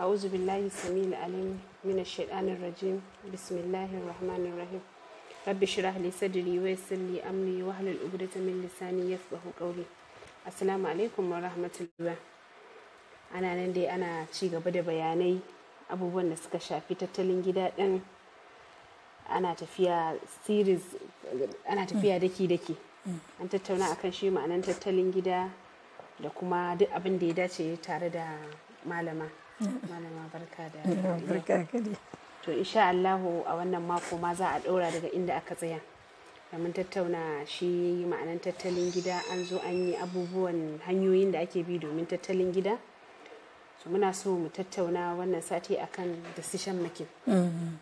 أعوذ بالله السميع العليم من الشيطان الرجيم بسم الله الرحمن الرحيم رب اشرح لي صدري ويسر لي أمري واحلل عقدة من لساني يفقه قولي السلام عليكم ورحمة الله أنا نندي أنا ci gaba da bayanai abubuwan da suka shafi tattalin gida ɗin ana tafiya series ana tafiya daki-daki an tattauna akan shi ma'anar tattalin gida da kuma duk abin da ya dace tare da malama malama barka da mm, barka to insha Allahu a wannan mako ma za a ɗora daga inda aka tsaya Da mun tattauna shi ma'anan tattalin gida an zo an yi abubuwan hanyoyin da ake bi domin tattalin gida so muna so mu tattauna wannan sati akan decision making mm.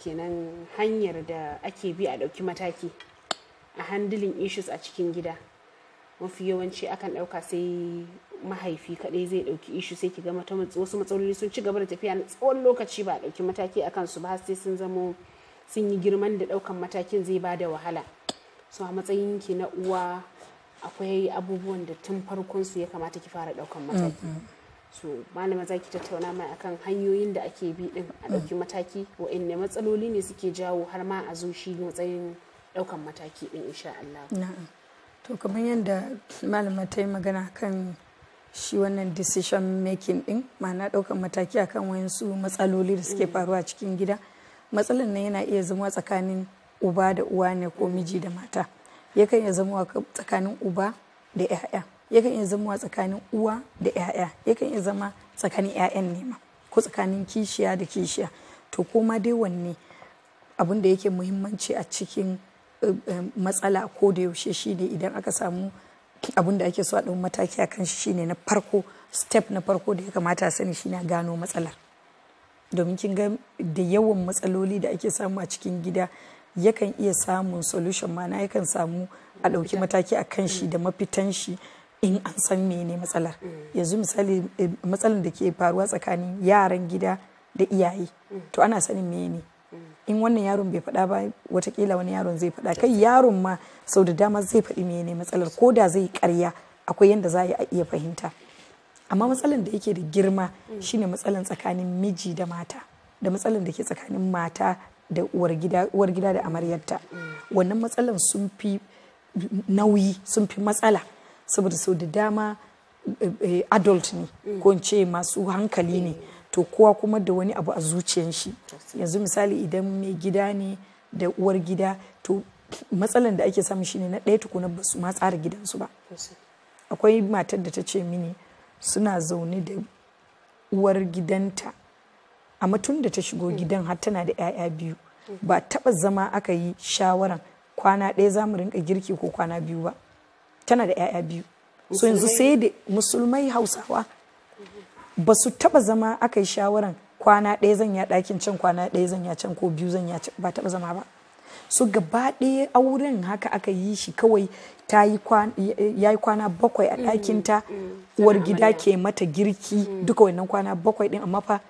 kenan hanyar da ake bi a ɗauki mataki a handling issues a cikin gida mafi yawanci akan ɗauka sai mahaifi kaɗai zai ɗauki ishu sai ki ga wasu matsaloli sun ci gaba da tafiya na tsawon lokaci ba a ɗauki mataki a kansu ba sai sun zamo sun yi girman da ɗaukan matakin zai ba da wahala so a matsayin ki na uwa akwai abubuwan da tun farkon su ya kamata ki fara ɗaukan mm, mataki mm. so malama za ki tattauna mai akan hanyoyin da ake bi din a ɗauki mm. mataki wa'anne matsaloli ne suke jawo har ma a zo shi matsayin ɗaukan mataki din insha Allah. Na'am. To kamar yadda malama ta yi magana kan shi wannan decision making din ma'ana ɗaukan mataki akan wayansu matsaloli da suke mm. faruwa cikin gida matsalan nan yana iya zama tsakanin uba da uwa ne ko mm. miji da mata yakan iya zama tsakanin uba da 'ya'ya yakan iya zama tsakanin uwa da 'ya'ya yakan iya zama tsakanin 'ya'yan ne ma ko tsakanin kishiya da kishiya to koma dai wanne abin yake muhimmanci a cikin eh, eh, matsala ko da yaushe shi ne idan aka samu abin da ake so a ɗan mataki a kan shi shine na farko step na farko da ya kamata a sani na gano matsalar domin kin ga da yawan matsaloli da ake samu a cikin gida yakan iya samun solution mana yakan samu a ɗauki mataki a kan shi mm. da mafitan shi in an san mene matsalar mm. yanzu misali eh, matsalar da ke faruwa tsakanin yaran gida da iyaye mm. to ana sanin mene in wannan yaron bai faɗa ba watakila wani yaron zai faɗa kai yaron ma sau da dama zai faɗi mene matsalar ko da zai karya akwai yanda za a iya fahimta amma matsalar da yake da girma shine matsalar tsakanin miji da mata da matsalar da ke tsakanin mata da uwar gida da amaryarta wannan matsalar sun fi nauyi sun fi matsala saboda sau da dama eh, eh, adult ne ko in ce masu hankali ne to kowa kuma da wani abu a zuciyan shi yanzu misali idan mai gida ne da uwar gida to matsalan da ake samu shine na ɗaya tukuna ba su ma tsara gidansu ba akwai matar da ta ce mini suna zaune da uwar gidanta a tun da ta shigo gidan har tana da 'ya'ya biyu ba taba zama aka yi shawaran kwana ɗaya za mu rinka girki ko kwana biyu ba tana da 'ya'ya biyu so yanzu sai da musulmai hausawa ba su taba zama aka yi shawaran kwana ɗaya zan ya ɗakin can kwana ɗaya zan ya can ko biyu zan ya ba taba zama ba su gaba ɗaya auren haka aka yi shi kawai ta yi ya yi kwana bakwai a mm, ta mm, mm. uwar gida ke mata girki duka wannan kwana bakwai ɗin amma fa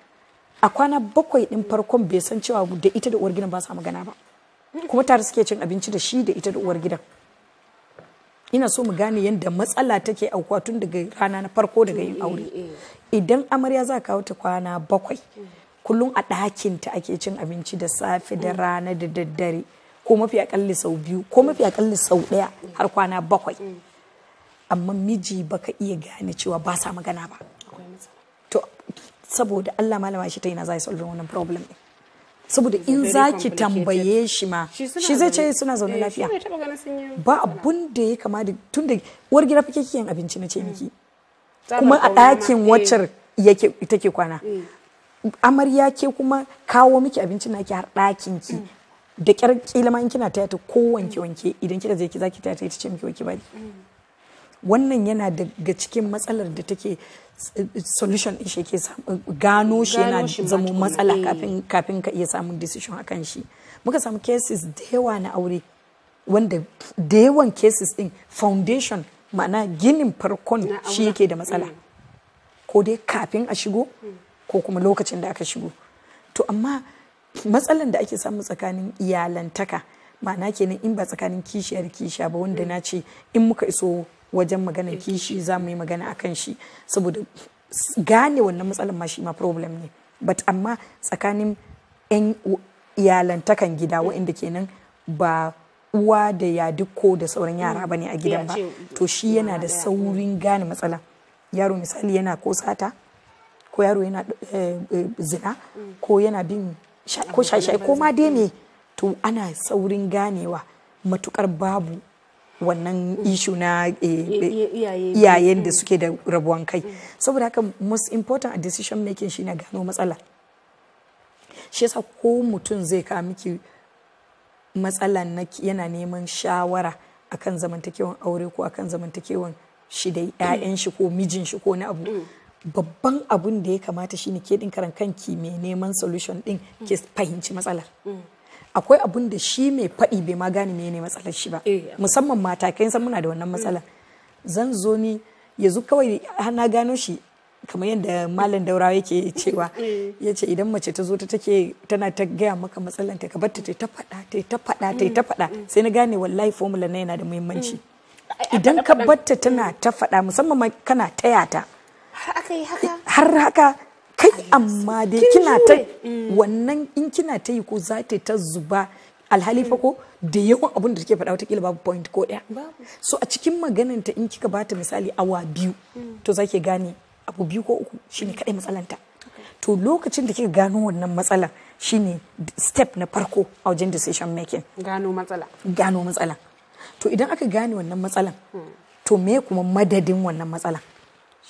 a kwana bakwai ɗin farkon bai san cewa da ita da uwar gidan ba su magana ba kuma tare suke cin abinci da shi da ita da uwar gidan ina so mu gane yadda matsala take aukuwa tun daga rana na farko daga yin aure eh, eh. idan amarya za kawo ta kwana bakwai kullum a ɗakinta ake cin abinci da safe da rana da daddare ko mafi akalli sau biyu ko mafi akalli sau ɗaya har kwana bakwai amma miji baka iya gane cewa ba sa magana ba to saboda Allah malama shi ta yana za solve wannan problem din saboda in za ki tambaye shi ma shi zai ce suna zaune eh, lafiya ba abun da ya kama da tun da uwar gida fa abinci na ce miki kuma a ɗakin eh. waccar yake ke kwana eh. amarya ke kuma kawo miki abinci naki har ɗakin ki mm. da kyar kila ma in kina taya ta ko wanke wanke idan kika je ki zaki taya ta ita ce miki wanke bari mm. wannan yana daga cikin matsalar da take eh, solution din shi ke gano shi yana zama matsala kafin ka iya samun decision akan shi muka samu cases da yawa na aure wanda da yawan cases din foundation ma'ana ginin farkon shi yake da matsala mm. ko dai kafin a shigo ko kuma lokacin da aka shigo to amma matsalan da ake samu tsakanin iyalantaka ma'ana kenan in ba tsakanin kishiyar kisha ba wanda mm. na ce in muka iso wajen maganar kishi za mu yi magana a kan shi saboda gane wannan matsalan ma shi ma problem ne but amma tsakanin 'yan iyalantakan gida waɗanda kenan ba uwa da ya yadiko da sauran mm. yara bane a gidan ba to shi yana da saurin gane matsala yaro misali yana ko sata ko yaro yana eh, eh, zina mm. ko yana bin ko shashai ko ma dai ne to ana saurin ganewa matukar babu wannan mm. ishu na eh, iyayen da suke da rabuwan kai saboda haka most important a decision making shine gano matsala shi yasa ko mutum zai kawo miki matsalan yana neman shawara akan zamantakewan aure ko akan zamantakewan shi da 'ya'yan shi ko mijin shi ko na abu mm. babban abun da ya kamata shine ke din karan kanki mai neman solution din mm. ke fahimci matsalar mm. akwai abun da shi mai faɗi bai ma gane mene matsalar shi ba eh, musamman mata kai san muna da wannan matsalar zan zo ni yanzu kawai na gano shi kamar yadda malam daura yake cewa eh. ya ce idan mace ta zo ta take tana ta gaya maka matsalan ta ka ta ta faɗa ta ta faɗa ta ta faɗa mm, mm. sai na gane wallahi formula na yana da muhimmanci mm. idan ka bar tana ta faɗa musamman kana taya ta har haka kai amma dai kina ta wannan in kina ta yi ko za ta ta zuba alhali fa ko da yawan abin da take faɗa watakila babu point ko ɗaya so a cikin maganin ta in kika bata misali awa biyu to zaki gane abu biyu ko uku shine kadai matsalanta to lokacin da kika gano wannan matsalan shine step na farko a wajen decision making gano matsala gano matsala to idan aka gane wannan matsalan to me kuma madadin wannan matsalan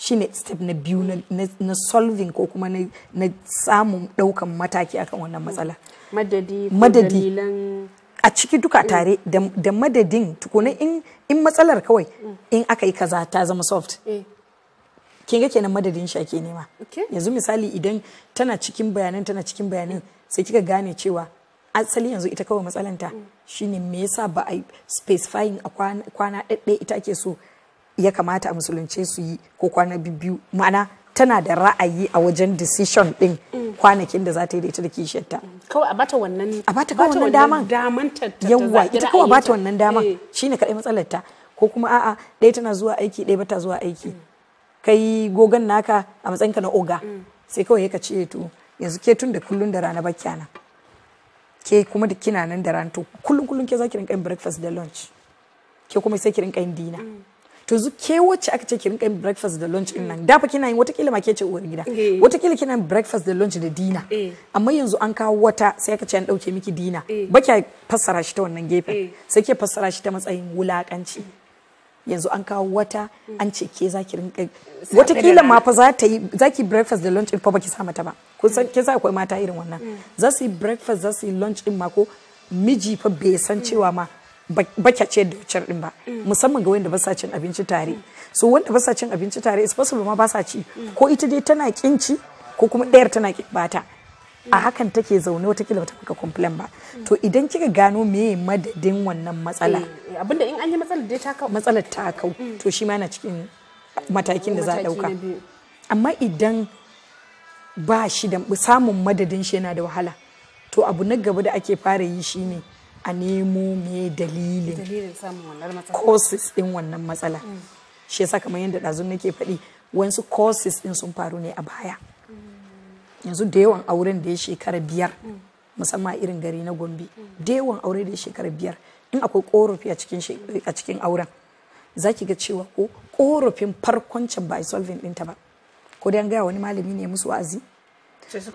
shine step na biyu na solving ko kuma na samun daukan mataki akan wannan matsala madadi madadi a ciki duka tare da madadin tukunan in matsalar kawai mm. in aka yi kaza ta zama soft kin ga kenan madadin shi ake nema yanzu misali idan tana cikin bayanan tana cikin bayanan sai kika gane cewa asali yanzu ita kawai matsalanta mm. shine me yasa ba a specifying a kwana ɗaɗɗe ita ake so ya kamata a musulunce su yi ko kwana biyu ma'ana tana da ra'ayi a wajen decision din mm. kwanakin da za ta yi da ita da kishiyarta. Mm. Kawai a bata wannan a bata kawai wannan daman daman ita kawai bata wannan daman eh. shine kadai matsalar ko kuma a'a ɗaya tana zuwa aiki ɗaya bata zuwa aiki. kai gogon naka a matsayin ka na oga mm. sai kawai ka ce to yanzu ke tun da kullun da rana bakya na. ke kuma da kina nan da rana to kullun kullun ke zaki rinka yin breakfast da lunch ke kuma sai ki rinka yin dina mm. to zu ke wacce aka ce ki rinka yin breakfast da lunch din nan da fa kina yin watakila ma ke ce uwar gida eh. watakila kina yin breakfast da lunch da dina eh. amma yanzu an kawo wata sai aka ce an dauke miki dina eh. Bakya fassara shi ta wannan gefen sai ke fassara shi ta matsayin wulakanci mm. yanzu an kawo wata mm. an ce ke zaki rinka watakila ma fa za ta yi zaki breakfast da lunch in fa baki sa mata ba kun san mm. ke sa akwai mata irin wannan mm. za su yi breakfast za su yi lunch in ma ko miji fa bai san cewa ma baka ce da wucar din ba musamman ga wanda ba sa cin abinci tare so wanda ba sa cin abinci tare is possible ma ba sa ci ko ita dai tana kinci ko kuma ɗayar tana bata a hakan take zaune wata kila bata kuka complain ba to idan kika gano me madadin wannan matsala eh, eh, abinda in an yi matsalar dai ta kau matsalar ta kau mm. to shi ma na cikin matakin da za a dauka amma idan ba shi da samun madadin shi yana da wahala to abu na gaba da ake fara yi shine a nemo me dalilin causes din wannan matsala mm. shi yasa kamar yadda dazun nake faɗi wasu causes din sun faru ne a baya yanzu da yawan auren da ya shekara biyar mm. musamman irin gari na gombe mm. da yawan aure da ya shekara biyar in akwai korafi a cikin auren za ki ga cewa ko ƙorafin farkon can ba a solving ɗinta ba ko dai an gaya wani malami ne musu wa'azi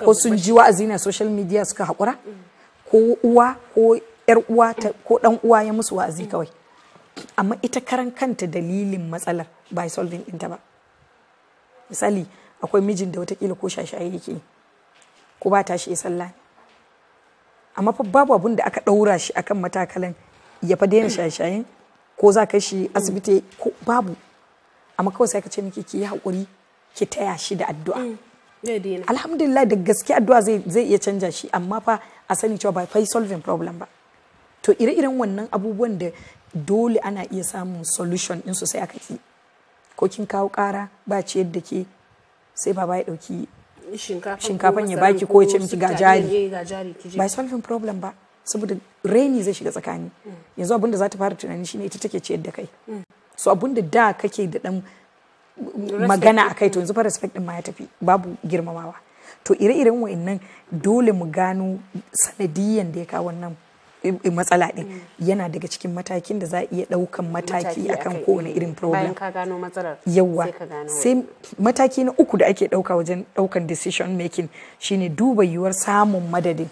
ko sun ji wa'azi na social media suka haƙura mm. ko uwa ko yar uwa ko dan uwa ya musu wa'azi kawai amma ita karan kanta dalilin matsalar ba solving ɗinta ba misali akwai mijin da watakila ko shashaye yake yi ko ba ta shi ya sallah amma fa babu abun da aka ɗaura shi akan matakalan ya fa daina shaye ko za ka shi asibiti ko babu amma kawai sai ka ce miki ki yi hakuri ki taya shi da addu'a mm, alhamdulillah da gaske addu'a zai zai iya canja shi amma fa a sani cewa ba fai solving problem ba to ire-iren wannan abubuwan da dole ana iya samun solution in sai aka ki ko kin kawo kara ba ce yadda ke sai baba ya ɗauki shinkafan ya baki ko ya ce miki ga jari eh, eh, ba solving problem ba saboda raini zai shiga tsakani mm. yanzu abin da za ta fara tunani shine ita take ciyar da kai mm. so abin da kake da dan magana a kai to mm. yanzu fa respect din ma ya tafi babu girmamawa to ire-iren wa'annan dole mu gano sanadiyan da ya kawo wannan matsala din mm. yana daga cikin matakin da za a iya daukan mataki akan kowane irin problem bayan ka gano matsalar yawa sai mataki na uku da ake dauka wajen daukan decision making shine duba yiwuwar samun madadin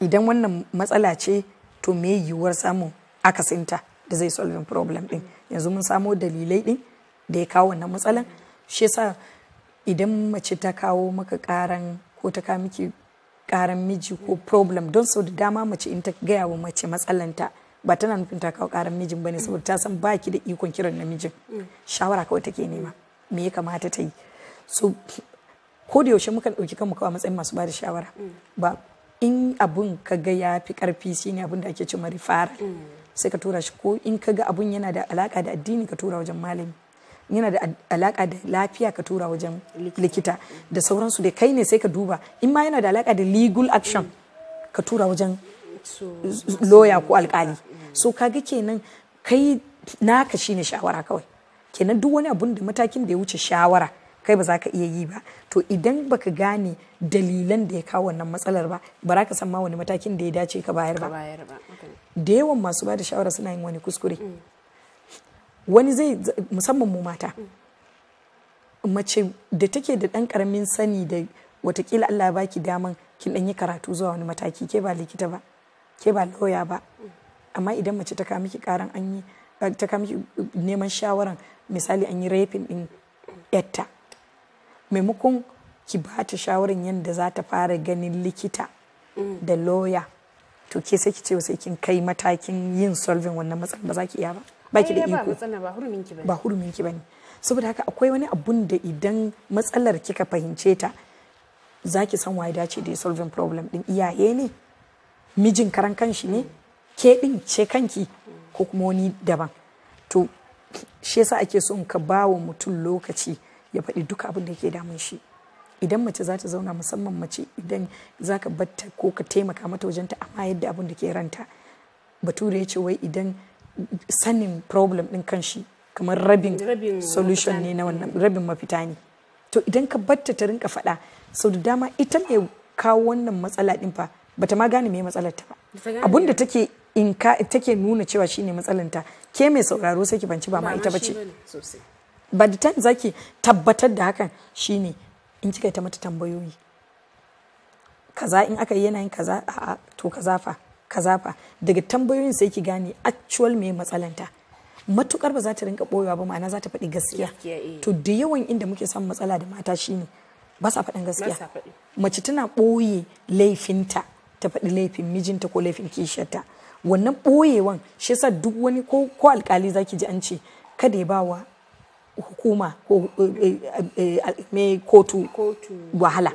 idan wannan matsala ce to me yiwuwar samun akasinta da zai solving problem din mm. yanzu mun samo dalilai din da ya kawo wannan matsalan shi yasa idan mace ta kawo maka karan ko ta kawo miki karan miji ko problem don sau da dama mace in ta gaya wa mace matsalanta ba tana nufin ta kawo karan mijin bane saboda ta san baki da ikon kiran namijin mm. shawara kawai take nema me ya kamata ta yi so ko da yaushe muka dauki kanmu kawai matsayin masu bada shawara mm. ba in abun ka ga ya fi karfi shine abun da ake cewa rifara mm. sai ka tura shi ko in ka ga abun yana da alaka da addini ka tura wajen malami yana da alaka da lafiya ka tura wajen likita da sauransu da kai ne sai ka duba in ma yana da alaka da legal action ka tura wajen loya ko alkali so ga kenan kai naka shine shawara kawai kenan duk wani abun da matakin da ya wuce shawara kai ba za ka iya yi ba to idan baka gane dalilan da ya kawo wannan matsalar ba ba za ka san ma wani matakin da ya dace ka bayar ba da yawan masu ba da shawara suna yin wani kuskure mm. wani zai musamman mu mata mace da take da ɗan ƙaramin sani da watakila Allah ba ki daman kin ɗan yi karatu zuwa wani mataki ke ba likita ba ke ba lauya ba amma idan mace ta kama ki karan an yi ta kama ki neman shawaran misali an yi rafin ɗin yatta maimakon ki ba ta shawaran yadda za ta fara ganin likita da lauya to ke sai ki ce sai kin kai matakin yin solving wannan matsalar ba za ki iya ba baki da iko ba hurumin ki bane ba saboda haka akwai wani abun da idan matsalar kika fahimce ta zaki san waye dace da solving problem din iyaye ne mijin karan kanshi ne ke din ce kanki ko kuma wani daban to shi yasa ake son ka bawa mutum lokaci ya faɗi duka abin da yake damun shi idan mace za ta zauna musamman mace idan za ka batta ko ka taimaka mata wajen ta amma yadda abin da ke ranta bature ya ce wai idan sanin problem ɗin kanshi kamar rabin solution ne na wannan rabin mafita ne to idan ka batta ta rinka faɗa sau da dama ita mai kawo wannan matsala ɗin fa bata ma gane me matsalar ta ba abun da take nuna cewa shine matsalar ta ke mai sauraro sai ki banci ba ma ita bace ba da time zaki tabbatar da hakan shine in kika ta mata tambayoyi kaza in aka yi yanayin kaza a to kaza fa kazafa daga tambayoyin sai ki gane actual me matsalanta matukar ba za ta rinka boyewa ba ma'ana za ta faɗi gaskiya eh. to da yawan inda muke samun matsala da mata shine ba sa faɗin gaskiya mace tana ɓoye laifinta ta faɗi laifin mijinta ko laifin kishiyarta wannan ɓoyewan shi yasa duk wani ko ko alkali zaki ji an ce kada ya bawa hukuma ko eh, eh, me kotu wahala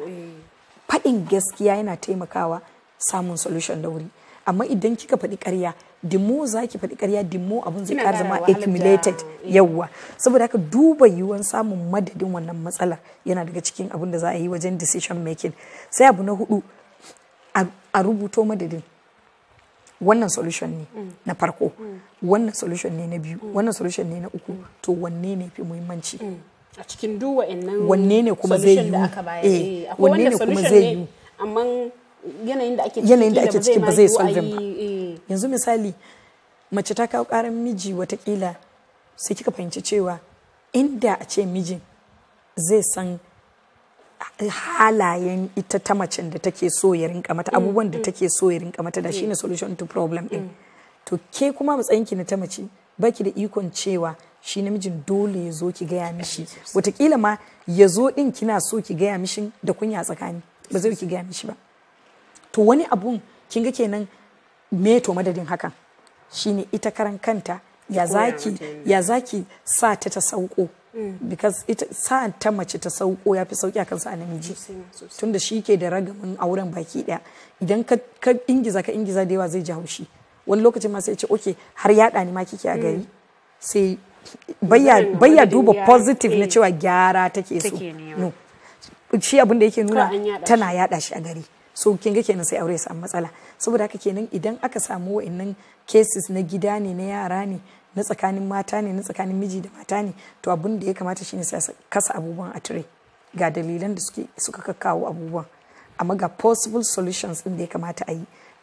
faɗin gaskiya yana taimakawa samun solution da wuri amma idan kika faɗi ƙarya dimo za ki faɗi ƙarya dimo abin zai ƙara zama accumulated yawwa saboda haka duba yiwuwar samun madadin wannan matsalar yana daga cikin abin da za a yi wajen decision making sai abu na hudu a rubuto madadin wannan solution ne mm. na farko mm. wannan solution ne na biyu mm. wannan solution ne na uku to wanne ne fi muhimmanci a cikin duwa wa'annan wanne ne kuma zai yi eh, eh, wanne ne kuma zai yi amma yanayin da ake ciki ba zai solving ba eh. yanzu misali mace ta kawo karan miji watakila sai kika fahimci cewa inda a ce mijin zai san halayen ita ta macen da take so ya rinka mata mm, abubuwan da mm. take so ya rinka mata da shine mm. solution to problem din to ke kuma matsayin ki na ta mace baki da ikon cewa shi namijin dole ya zo ki gaya mishi watakila ma ya zo din kina so ki gaya mishin da kunya tsakani ba zai ki gaya mishi ba to wani abun kin ga kenan me to madadin hakan shine ita karan kanta ya zaki ya zaki sa ta ta sauko mm. because ita sa ta mace ta sauko ya fi sauki akan sa namiji tunda shi ke da ragamin auren baki daya idan ka ingiza ka ingiza da yawa zai ji haushi wani lokacin ma sai ce oke har yaɗa ni ma kike a gari mm. sai bayya duba positive na cewa gyara take so no shi abin da yake nuna tana yaɗa shi a gari so kinga kenan sai aure ya samu matsala saboda haka kenan idan aka samu wa'annan cases na gida ne na yara ne na tsakanin mata ne na tsakanin miji da mata ne to abin da ya kamata shine sai kasa abubuwan a tire ga dalilan da suke suka kakkawo abubuwan amma ga possible solutions din da ya kamata a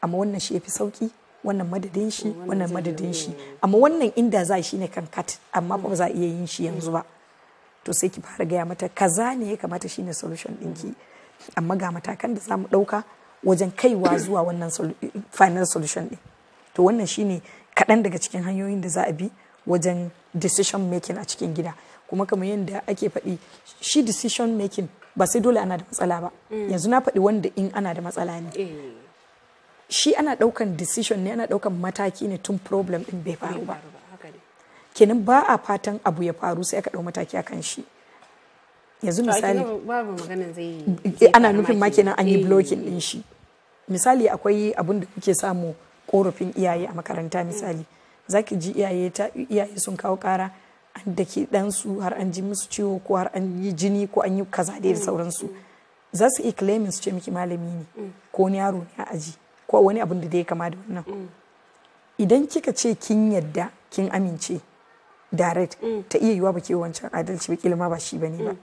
amma wannan shi yafi sauki wannan madadin shi wannan madadin shi amma wannan inda za shi ne kan kat amma ba za a iya yin shi yanzu ba to sai ki fara gaya mata kaza ne ya kamata shine solution ɗinki. ki amma ga matakan da za mu ɗauka wajen kaiwa zuwa wannan final solution ɗin to wannan shine kaɗan daga cikin hanyoyin da za a bi wajen decision making a cikin gida kuma kamar yadda ake faɗi shi decision making ba sai dole ana da matsala ba mm. yanzu na faɗi wanda in ana da matsala ne eh. shi ana ɗaukan decision ne ana ɗaukan mataki ne tun problem ɗin bai faru ba kenan ba a fatan abu ya faru sai aka ɗau mataki akan shi yanzu misali ana nufin ma kenan an yi eh. blocking din shi misali akwai abun da kuke samu korafin iyaye a makaranta misali zaki ji iyaye ta iyaye sun kawo kara an da ke ɗansu har an ji musu ciwo ko har an yi jini ko an yi kaza da mm. sauransu mm. za su iya claiming su ce miki malami ne mm. ko wani yaro ne a aji ko wani abun da ya kama da wannan idan kika ce kin yadda kin amince direct mm. ta iya yiwa ba ke wancan adalci ba kila ma ba shi bane ba mm.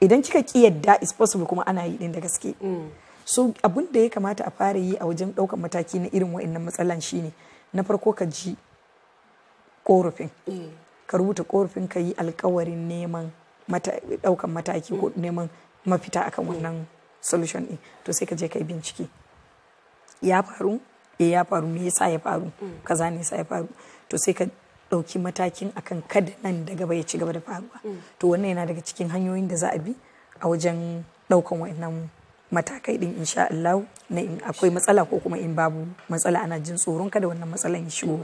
idan kika ki yadda is possible kuma ana yi din da gaske mm. so abun da ya kamata a fara yi a wajen ɗaukar mataki na irin wa'annan matsalan shine na farko ka ji korofin eh. ka rubuta korafin ka yi alkawarin neman ɗaukan mataki ko neman mafita akan wannan solution din to sai ka je ka bincike ya faru eh ya faru me yasa ya faru kaza ne yasa ya faru to sai ka ɗauki matakin akan kada nan da gaba ya ci gaba da faruwa mm. to wannan yana daga cikin hanyoyin da za a bi a wajen ɗaukan wa'annan matakai din insha Allah na in akwai matsala ko kuma in babu matsala ana jin tsoron kada wannan matsalan ya shigo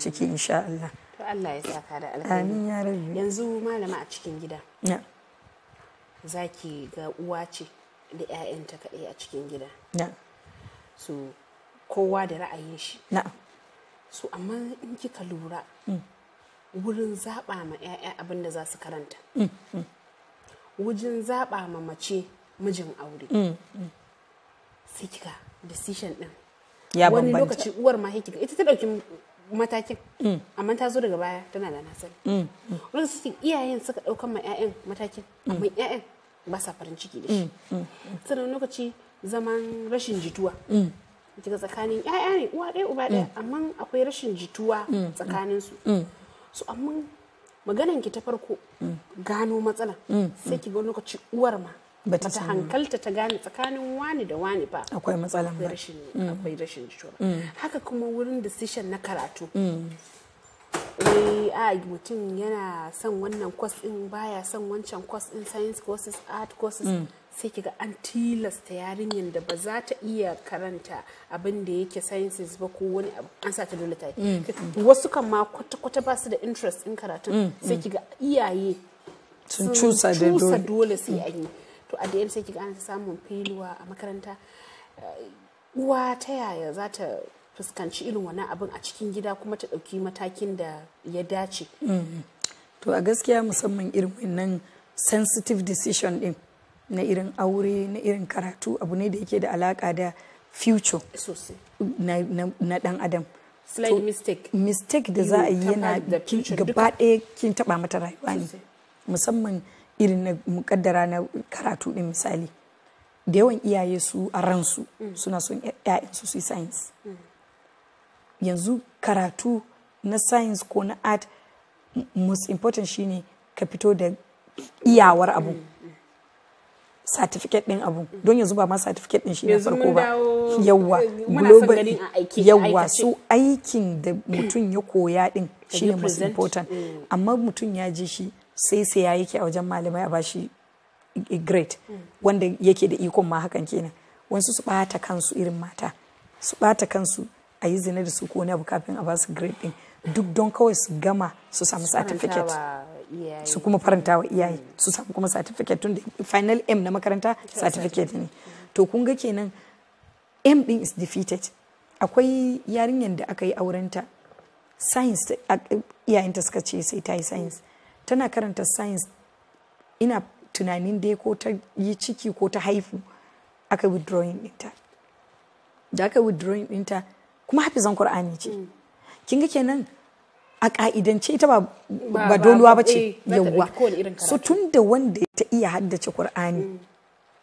ciki insha Allah to Allah ya saka da alheri amin ya yanzu malama a cikin gida zaki ga uwa ce da ƴaƴanta kaɗai a cikin gida so kowa da ra'ayin shi na'am so amma in kika lura mm. wurin zaɓa ma 'ya'ya abin da za su karanta mm, mm. wajen zaɓa ma mace mijin aure sai kika decision ɗin wani lokaci uwar ma kika ita ta ɗauki matakin amma ta zo daga baya tana da nasari wani suke iyayen suka ɗaukan ma 'ya'yan matakin amma 'ya'yan ba sa farin ciki da shi sannan lokaci zaman rashin jituwa daga tsakanin ya'ya ne uwa ɗaya uba ɗaya mm. amma akwai rashin jituwa mm. tsakanin su mm. so amma maganan ki ta farko gano matsala sai ki ga lokaci uwar ma bata hankalta ta gane tsakanin wani da wani ba akwai matsala ba akwai rashin jituwa haka kuma wurin decision na karatu wai a mutum yana son wannan course din baya son wancan course din science courses art courses sai kiga an tilasta yarinyar da ba za ta iya karanta abinda yake sciences ba ko wani an sa ta dole ta yi mm. wasu kan ma kwata-kwata ba su da interest in karatun mm, mm. sai kiga iyaye sun cusa dole sai an yi to a da sai kiga an samun filuwa a makaranta eh, uwa ta yaya za ta fuskanci irin wani abin a cikin gida kuma ta ɗauki matakin da ya dace to a gaskiya musamman irin wannan sensitive decision din na irin aure na irin karatu abu ne da yake da alaka da future na, dan adam slight mistake mistake da za a yi yana gaba ɗaya kin taɓa mata rayuwa ne musamman irin na mukaddara na karatu din misali da yawan iyaye su a ransu mm. suna son ‘ya'yansu su yi science mm. yanzu karatu na science ko na art most important shine ka fito da iyawar abu mm. certificate din abu don yanzu ba ma certificate din shi ne farko ba yawwa global yawwa su aikin da mutum ya koya din shi ne most important mm. amma mutum ya ji shi sai sai ya yake a wajen malamai a bashi great wanda yake da ikon ma hakan kenan wasu su bata kansu irin mata su bata kansu a yi zina da su ko ne abu kafin a basu great din duk don kawai su gama su samu certificate su kuma faranta wa iyaye mm. su samu kuma certificate tun da final m na makaranta certificate ne to kun ga kenan m din is defeated akwai yarinyar da aka yi aurenta science iyayenta suka ce sai ta yi science tana karanta science ina tunanin dai ko ta yi ciki ko ta haifu aka withdrawing ɗinta da aka withdrawing ɗinta kuma hafizan Kur'ani ce mm. kin ga kenan a ka'idance ita ba ba doluwa ba ce eh, yawwa so tun da wanda ta iya haddace qur'ani mm.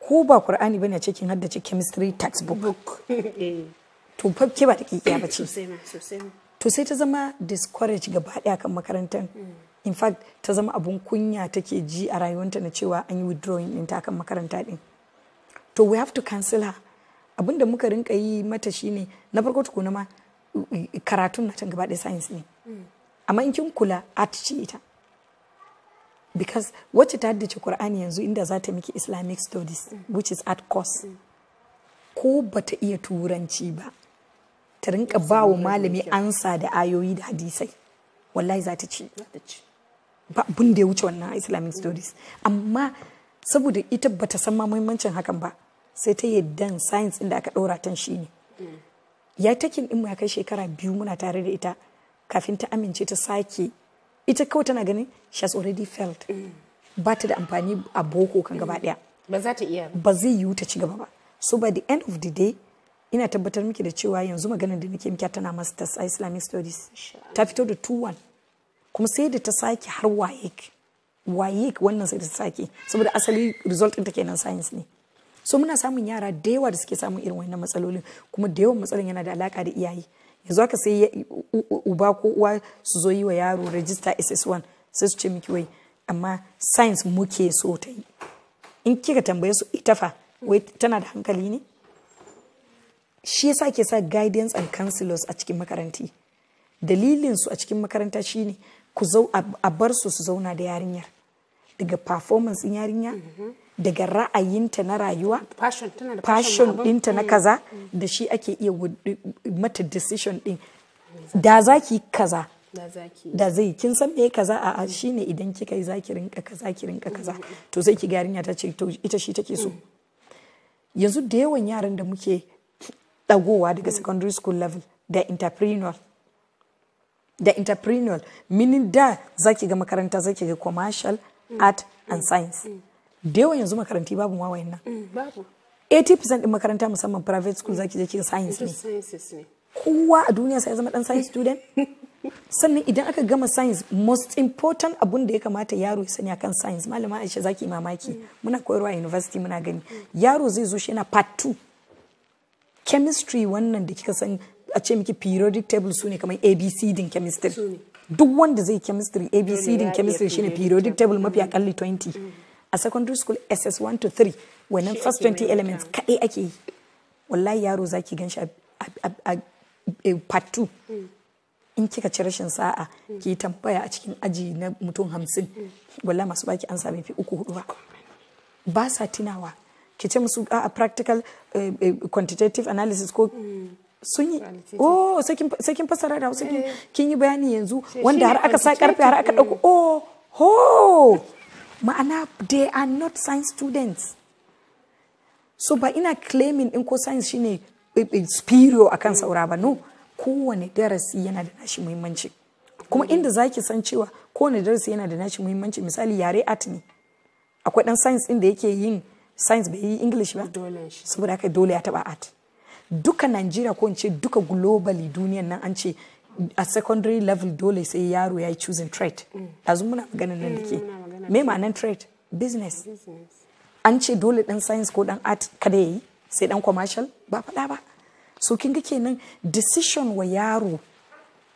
ko ba qur'ani bane ce kin haddace chemistry textbook eh. to fa ke ba ta kikiya ba ce to sai ta zama discourage gaba daya kan makarantar mm. in fact ta zama abun kunya take ji a rayuwarta na cewa an yi withdrawing din ta kan makaranta din to we have to cancel her abin da muka rinka yi mata shine na farko tukuna ma karatun na can gaba ɗaya science ne mm. amma in kin kula art ce ita because wacce ta haddace Qur'ani yanzu inda za ta miki Islamic studies which is art course Ko ba ta iya turanci ba ta rinka ba wa malami ansa da ayoyi da hadisai wallahi za ta ci ba da ya wuce wannan Islamic studies amma saboda ita bata san ma muhimmancin hakan ba sai ta yadda science inda aka ɗora tan shi ne ya takin in mu ya kai shekara biyu muna tare da ita kafin ta amince ta sake ita kawai tana ganin she has already felt. ba ta da amfani a boko kan gaba daya ba za ta iya ba zai yiwu ta ci gaba ba so by the end of the day ina tabbatar miki da cewa yanzu maganar da nake miki tana masters a islamic studies ta fito da 2-1 kuma sai da ta sake har wayek wayek wannan sai da ta sake saboda asali result ɗinta kenan science ne so muna samun yara da yawa da suke samun irin wannan matsalolin kuma da yawan matsalolin yana da alaka da iyaye yanzu haka sai uba ko uwa su zo yi wa yaro rajista ss1 sai su ce miki wai amma science muke so ta yi in kika tambaye su ita fa wai tana da hankali ne shi yasa ke sa guidance and counselors a cikin makaranti dalilin su a cikin makaranta shine ku zau a bar su su zauna da yarinyar daga performance din yarinya mm-hmm. daga ra'ayinta na rayuwa fashion dinta na kaza mm. da shi ake iya mata decision din, da zaki kaza da zai kin san me kaza a shine idan kika yi zaki rinka kaza ki rinka kaza mm. to sai ki garinya ta ce to ita shi take so mm. yanzu da yawan yaran da muke dagowa daga secondary school level da entrepreneur da entrepreneur meaning da zaki ga makaranta zaki ga commercial art and science da yawan yanzu makaranti babu ma wayannan mm, babu 80% din makaranta musamman private school zaki je kin science ne kowa a duniya sai zama dan science student sannan idan aka gama science most important abun da ya kamata yaro ya sani akan science malama Aisha zaki mamaki mm. muna koyarwa a university muna gani yaro zai zo shi yana part 2 chemistry wannan da kika sani a ce miki periodic table su ne kamar abc din chemistry duk wanda zai chemistry abc din chemistry shine periodic table mafi akalli 20 a secondary school ss1 to 3 wannan first 20 elements kaɗai ake yi wallahi yaro za ki ganshi a part 2 mm. in kika ci rashin sa'a mm. ki tambaya a cikin aji na mutum hamsin mm. wallahi masu baki an sami fi uku hudu ba sa tunawa ki ce musu a practical eh, eh, quantitative analysis ko sun yi oh sai kin fasara da wasu eh. kin yi bayani yanzu wanda har aka sa karfe har aka dauko oh ho ma'ana they are not science students so ba ina claiming in ko science shine eh, eh, superior akan saura ba no kowane darasi yana da nashi muhimmanci kuma inda zaki san cewa kowane darasi yana da nashi muhimmanci misali yare art ne akwai dan science din da yake yin science bai yi english ba dole shi saboda haka dole ya taba art duka Najeriya ko in ce duka globally duniyan nan an ce a secondary level dole sai yaro ya yi choosing trade mm. ɗazu muna maganin nan da ke mm, me ma'anan trade business an ce dole dan science ko dan art kada yi sai dan commercial ba fada ba so kin ga kenan decision wa yaro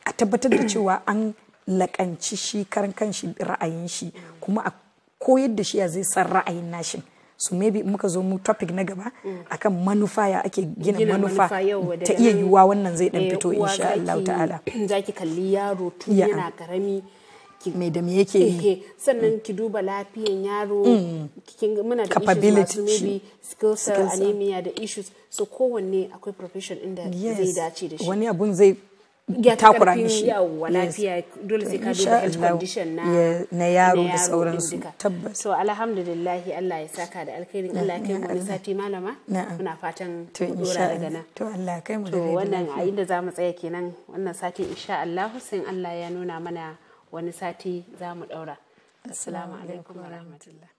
a tabbatar da cewa an lakanci shi karan kanshi ra'ayin shi kuma a koyar da shi ya zai san ra'ayin nashin so maybe muka zo mu topic na gaba mm. akan manufa ya ake gina manufa ta iya yiwuwa wannan zai dan eh, fito insha Allah ta'ala zaki kalli yaro tun yana karami mai da me yake yi eh, sannan ki duba lafiyan yaro mm. muna da issues masu maybe skill anemia da issues so kowanne akwai profession inda zai dace da shi wani abun zai takura shi yawwa lafiya dole sai ka duba health condition na na yaro da sauransu tabbas so alhamdulillah Allah ya saka da alkhairin Allah ya kai mu sati malama muna fatan to insha daga nan to Allah kai mu da wannan a inda zamu tsaya kenan wannan sati insha Allah sai Allah ya nuna mana wani sati za mu ɗaura assalamu alaikum wa rahmatullah